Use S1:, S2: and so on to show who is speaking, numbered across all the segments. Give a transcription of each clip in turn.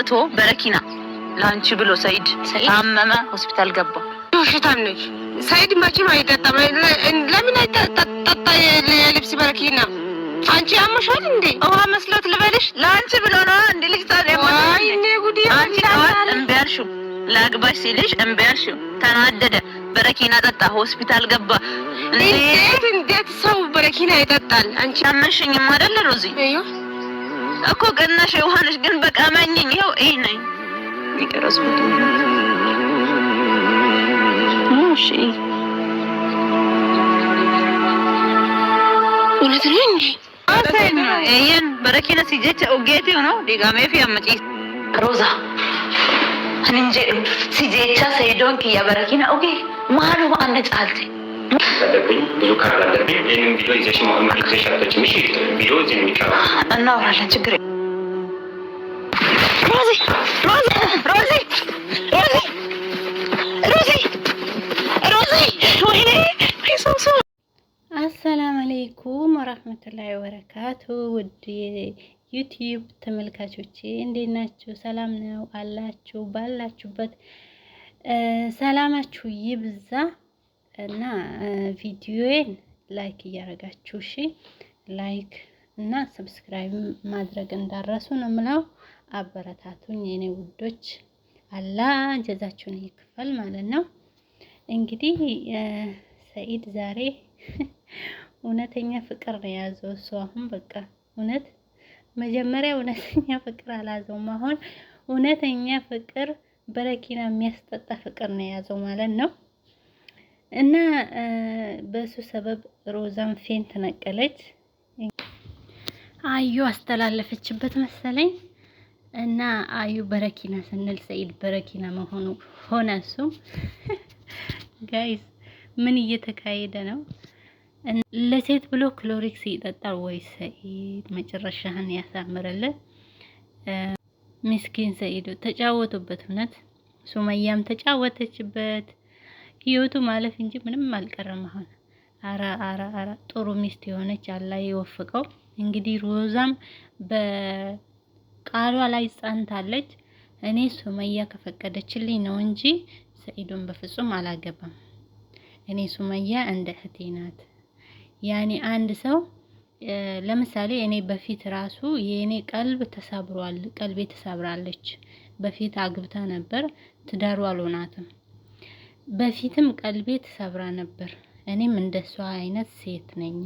S1: እቶ በረኪና ለአንቺ ብሎ ሰይድ ታመመ፣ ሆስፒታል ገባ።
S2: ሽታም ነች። ሰይድ መቼም አይጠጣም። ለምን አይጠጣ የልብስ በረኪና? አንቺ ያመሻል እንዴ?
S1: ውሃ መስሎት ልበልሽ? ለአንቺ ብሎ ነው እንዴ? ልጅ ጉዲ እምቢ አልሽው፣ ላግባሽ ሲልሽ እምቢ ተናደደ፣ በረኪና ጠጣ፣ ሆስፒታል ገባ።
S2: እንዴት እንዴት ሰው በረኪና ይጠጣል?
S1: አንቺ ያመሽኝም አይደለ ሮዚ እኮ ገናሽ ዮሐንስ ግን በቃ ማኝኝ ይኸው ይሄ ነኝ
S2: የቀረጽኩት። እሺ እውነት ነው እንዴ?
S1: ይህን በረኪና ሲጀች ኦጌቴ ነው ዲጋሜ ፊያመጪ ሮዛ እንጂ ሲጀቻ ሰይዶን ኪያ በረኪና ኦጌ ማሉ አንድ ጫልቴ አለብኝ ብዙ ካርድ አለብኝ። ይህንን ቪዲዮ ይዘሽ መልክዘሽ አለችም። እሺ ቪዲዮ እዚህ የሚቀራ እናወራለን። ችግር
S2: ሮዚ ሮዚ ሮዚ ሮዚ ሮዚ ሮዚ ወይኔ
S3: አሰላም አለይኩም ወራህመቱላሂ ወበረካቱ ውድ ዩቲዩብ ተመልካቾቼ እንዴት ናችሁ? ሰላም ነው አላችሁ? ባላችሁበት ሰላማችሁ ይብዛ። እና ቪዲዮዬን ላይክ እያደረጋችሁ እሺ፣ ላይክ እና ሰብስክራይብ ማድረግ እንዳረሱ ነው ምለው አበረታቱኝ የኔ ውዶች፣ አላ ጀዛችሁን ይክፈል ማለት ነው። እንግዲህ ሰኢድ ዛሬ እውነተኛ ፍቅር ነው የያዘው እሱ። አሁን በቃ እውነት መጀመሪያ እውነተኛ ፍቅር አላዘውም። አሁን እውነተኛ ፍቅር በረኪና የሚያስጠጣ ፍቅር ነው የያዘው ማለት ነው። እና በሱ ሰበብ ሮዛን ፌን ነቀለች አዩ አስተላለፈችበት መሰለኝ። እና አዩ በረኪና ስንል ሰኢድ በረኪና መሆኑ ሆነ። እሱ ጋይስ ምን እየተካሄደ ነው? ለሴት ብሎ ክሎሪክስ ይጠጣል ወይ ሰኢድ? መጨረሻህን ያሳምርልን። ምስኪን ሰኢድ ተጫወቱበት። እውነት ሱመያም ተጫወተችበት። ህይወቱ ማለፍ እንጂ ምንም አልቀረም። አሁን አራ አራ አራ ጥሩ ሚስት የሆነች አላ ይወፍቀው። እንግዲህ ሮዛም በቃሏ ላይ ጸንታለች። እኔ ሱመያ ከፈቀደችልኝ ነው እንጂ ሰኢዱን በፍጹም አላገባም። እኔ ሱመያ እንደ እህቴ ናት። ያኔ አንድ ሰው ለምሳሌ እኔ በፊት ራሱ የእኔ ቀልብ ተሳብሯል፣ ቀልቤ ተሳብራለች። በፊት አግብታ ነበር፣ ትዳሩ አልሆናትም። በፊትም ቀልቤ ተሰብራ ነበር። እኔም እንደሷ አይነት ሴት ነኝ።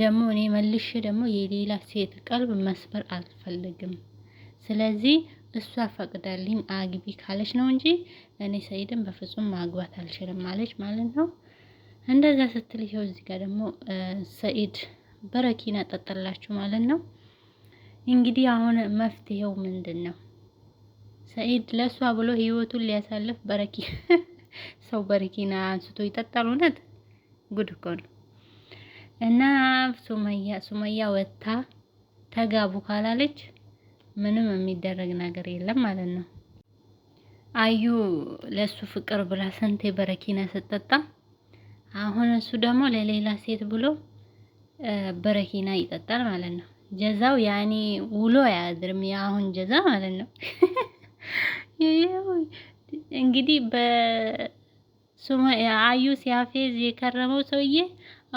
S3: ደግሞ እኔ መልሼ ደግሞ የሌላ ሴት ቀልብ መስበር አልፈልግም። ስለዚህ እሷ ፈቅዳልኝ አግቢ ካለች ነው እንጂ እኔ ሰይድን በፍጹም ማግባት አልችልም አለች ማለት ነው። እንደዛ ስትል ይኸው እዚህ ጋር ደግሞ ሰኢድ በረኪና ጠጠላችሁ ማለት ነው። እንግዲህ አሁን መፍትሄው ምንድን ነው? ሰይድ ለእሷ ብሎ ህይወቱን ሊያሳልፍ በረኪ ሰው በረኪና አንስቶ ይጠጣል። እውነት ጉድ እኮ ነው። እና ሱመያ ሱመያ ወጥታ ተጋቡ ካላለች ምንም የሚደረግ ነገር የለም ማለት ነው። አዩ ለሱ ፍቅር ብላ ስንቴ በረኪና ስትጠጣ፣ አሁን እሱ ደግሞ ለሌላ ሴት ብሎ በረኪና ይጠጣል ማለት ነው። ጀዛው ያኔ ውሎ አያድርም። የአሁን ጀዛ ማለት ነው። እንግዲህ በሱመ አዩ ሲያፌዝ የከረመው ሰውዬ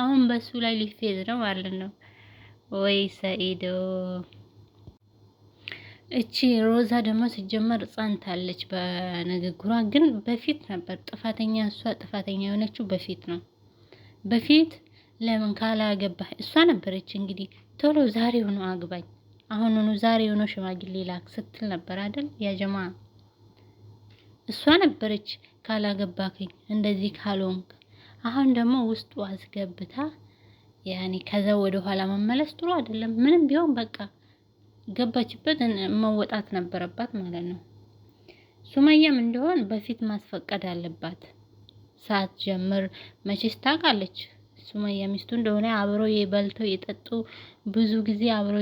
S3: አሁን በሱ ላይ ሊፌዝ ነው ማለት ነው። ወይ ሰኢዶ! እቺ ሮዛ ደግሞ ሲጀመር ጸንታለች በንግግሯ። ግን በፊት ነበር ጥፋተኛ እሷ ጥፋተኛ የሆነችው በፊት ነው። በፊት ለምን ካላገባህ እሷ ነበረች እንግዲህ ቶሎ ዛሬ ሆኖ አግባኝ፣ አሁን ሆኖ ዛሬ ሆኖ ሽማግሌ ላክ ስትል ነበር አይደል ያ ጀማ እሷ ነበረች ካላገባክኝ እንደዚህ ካልሆንክ። አሁን ደግሞ ውስጡ አስገብታ ያኔ ከዛ ወደ ኋላ መመለስ ጥሩ አይደለም። ምንም ቢሆን በቃ ገባችበት መወጣት ነበረባት ማለት ነው። ሱመያም እንደሆን በፊት ማስፈቀድ አለባት። ሳትጀምር መቼስ ታውቃለች ሱመያ ሚስቱ እንደሆነ አብሮ የበልተው የጠጡ ብዙ ጊዜ አብሮ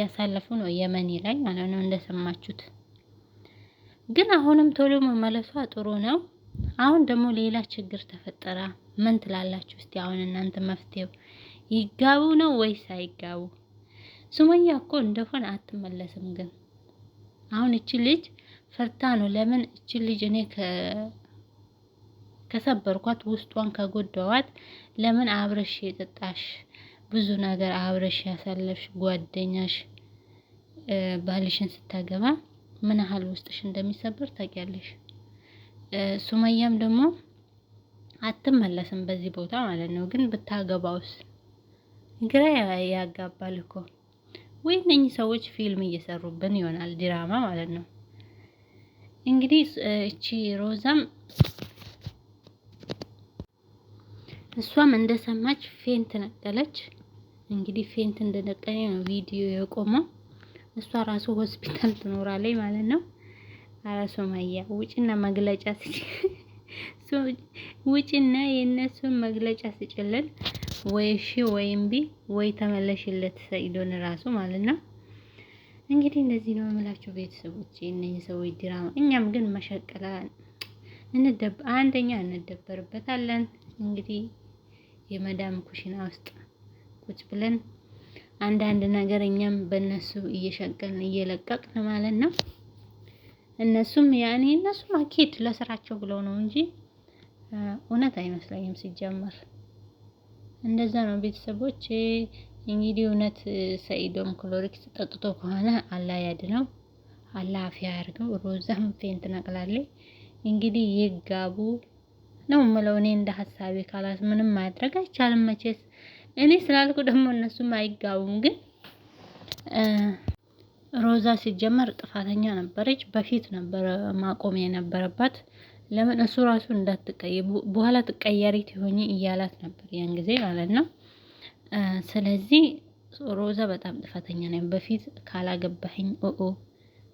S3: ያሳለፉ ነው የመኒ ላይ ማለት ነው እንደሰማችሁት። ግን አሁንም ቶሎ መመለሷ ጥሩ ነው። አሁን ደግሞ ሌላ ችግር ተፈጠረ። ምን ትላላችሁ እስቲ? አሁን እናንተ መፍትሄው ይጋቡ ነው ወይስ አይጋቡ? ሱመያ እኮ እንደሆነ አትመለስም። ግን አሁን እቺ ልጅ ፈርታ ነው። ለምን እቺ ልጅ እኔ ከሰበርኳት ውስጧን ከጎዳዋት፣ ለምን አብረሽ የጠጣሽ ብዙ ነገር አብረሽ ያሳለፍሽ ጓደኛሽ ባልሽን ስታገባ ምን ያህል ውስጥሽ እንደሚሰበር ታውቂያለሽ። ሱመያም ደግሞ አትመለስም በዚህ ቦታ ማለት ነው። ግን ብታገባውስ ግራ ያጋባል እኮ ወይ እነኚህ ሰዎች ፊልም እየሰሩብን ይሆናል ድራማ ማለት ነው። እንግዲህ እቺ ሮዛም እሷም እንደሰማች ፌንት ነቀለች። እንግዲህ ፌንት እንደነቀለ ነው ቪዲዮ የቆመው። እሷ ራሱ ሆስፒታል ትኖራለች ማለት ነው። ኧረ ሱመያ ውጭና መግለጫ ስጭ፣ ውጭና የእነሱን መግለጫ ስጭልን። ወይ እሺ ወይ እምቢ ወይ ተመለሽለት ሰኢዶን ራሱ ማለት ነው። እንግዲህ እንደዚህ ነው የምላችሁ ቤተሰቦች፣ እነዚህ ሰዎች ድራማ። እኛም ግን መሸቀላ እንደብ አንደኛ እንደበርበታለን። እንግዲህ የመዳም ኩሽና ውስጥ ቁጭ ብለን አንዳንድ ነገር እኛም በእነሱ እየሸቀልን እየለቀቅን ማለት ነው። እነሱም ያኔ እነሱ አኬድ ለስራቸው ብለው ነው እንጂ እውነት አይመስለኝም ሲጀመር። እንደዛ ነው ቤተሰቦች። እንግዲህ እውነት ሰኢዶም ክሎሪክስ ጠጥቶ ከሆነ አላ ያድነው፣ አላ አፊያ ያድርገው። ሮዛም ፌንት ነቅላለች። እንግዲህ ይጋቡ ነው የምለው እኔ እንደ ሀሳቤ። ካላት ምንም ማድረግ አይቻልም መቼስ እኔ ስላልኩ ደግሞ እነሱም አይጋቡም። ግን ሮዛ ሲጀመር ጥፋተኛ ነበረች። በፊት ነበረ ማቆም የነበረባት። ለምን እሱ ራሱ እንዳትቀይ በኋላ ትቀያሪ ትሆኚ እያላት ነበር ያን ጊዜ ማለት ነው። ስለዚህ ሮዛ በጣም ጥፋተኛ ነኝ፣ በፊት ካላገባህኝ ኦኦ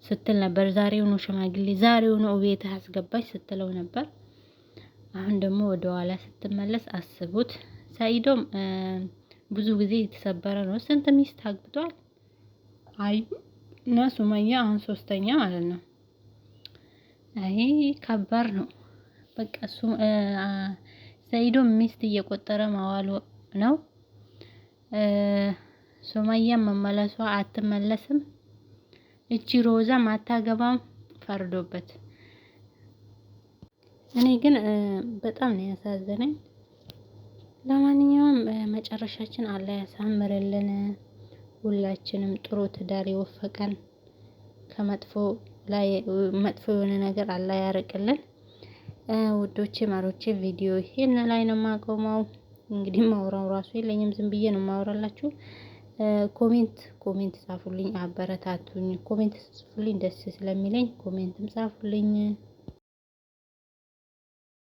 S3: ስትል ነበር። ዛሬው ነው ሽማግሌ፣ ዛሬው ነው ቤት አስገባች ስትለው ነበር። አሁን ደግሞ ወደኋላ ስትመለስ አስቡት። ሰኢዶም ብዙ ጊዜ የተሰበረ ነው። ስንት ሚስት አግብቷል? አዩ እና ሱመያ አሁን ሶስተኛ ማለት ነው። አይ ከባድ ነው። በቃ እሱ ሰኢዶም ሚስት እየቆጠረ ማዋሉ ነው። ሱመያም መመለሷ አትመለስም። እቺ ሮዛም አታገባም ፈርዶበት። እኔ ግን በጣም ነው ያሳዘነኝ። ለማንኛውም መጨረሻችን አላህ ያሳምርልን። ሁላችንም ጥሩ ትዳር ይወፈቀን። ከመጥፎ ላይ መጥፎ የሆነ ነገር አላህ ያርቅልን። ውዶቼ ማሮቼ ቪዲዮ ይሄን ላይ ነው የማቆመው። እንግዲህ ማውራው ራሱ የለኝም፣ ዝም ብዬ ነው ማውራላችሁ። ኮሜንት ኮሜንት ጻፉልኝ፣ አበረታቱኝ። ኮሜንት ጽፉልኝ፣ ደስ ስለሚለኝ ኮሜንትም ጻፉልኝ።